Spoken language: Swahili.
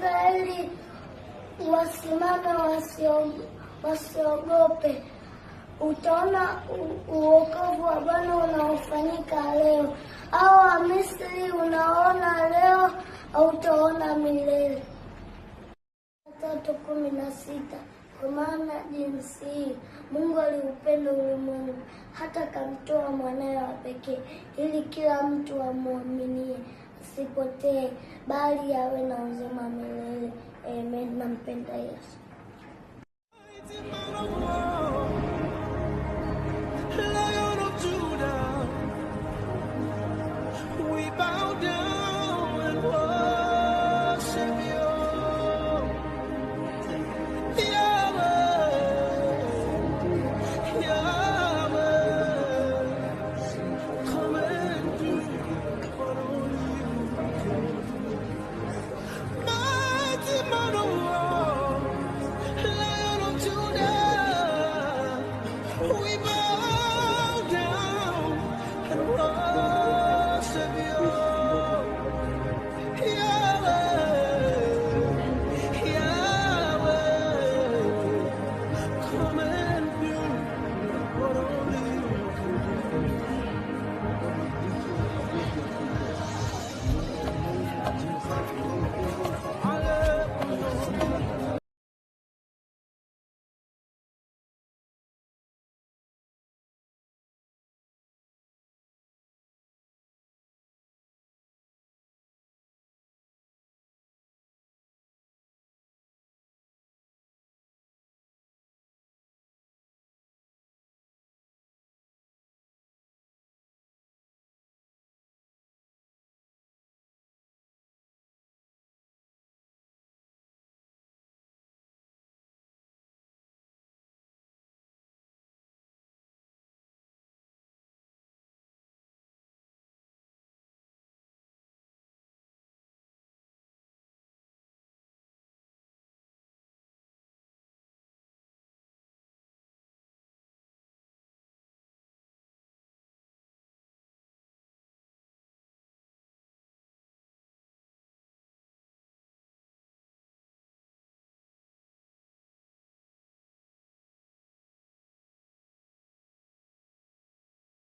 Israeli wasimame, wasiogope. Utaona uokovu wa Bwana unaofanyika leo, au wa Misri unaona leo, hautaona milele. tatu kumi na sita kwa maana jinsi hii Mungu aliupenda ulimwengu hata akamtoa mwanaye wa pekee, ili kila mtu amwaminie asipotee, bali yawe na uzima eh, eh, milele. Amen. Nampenda Yesu.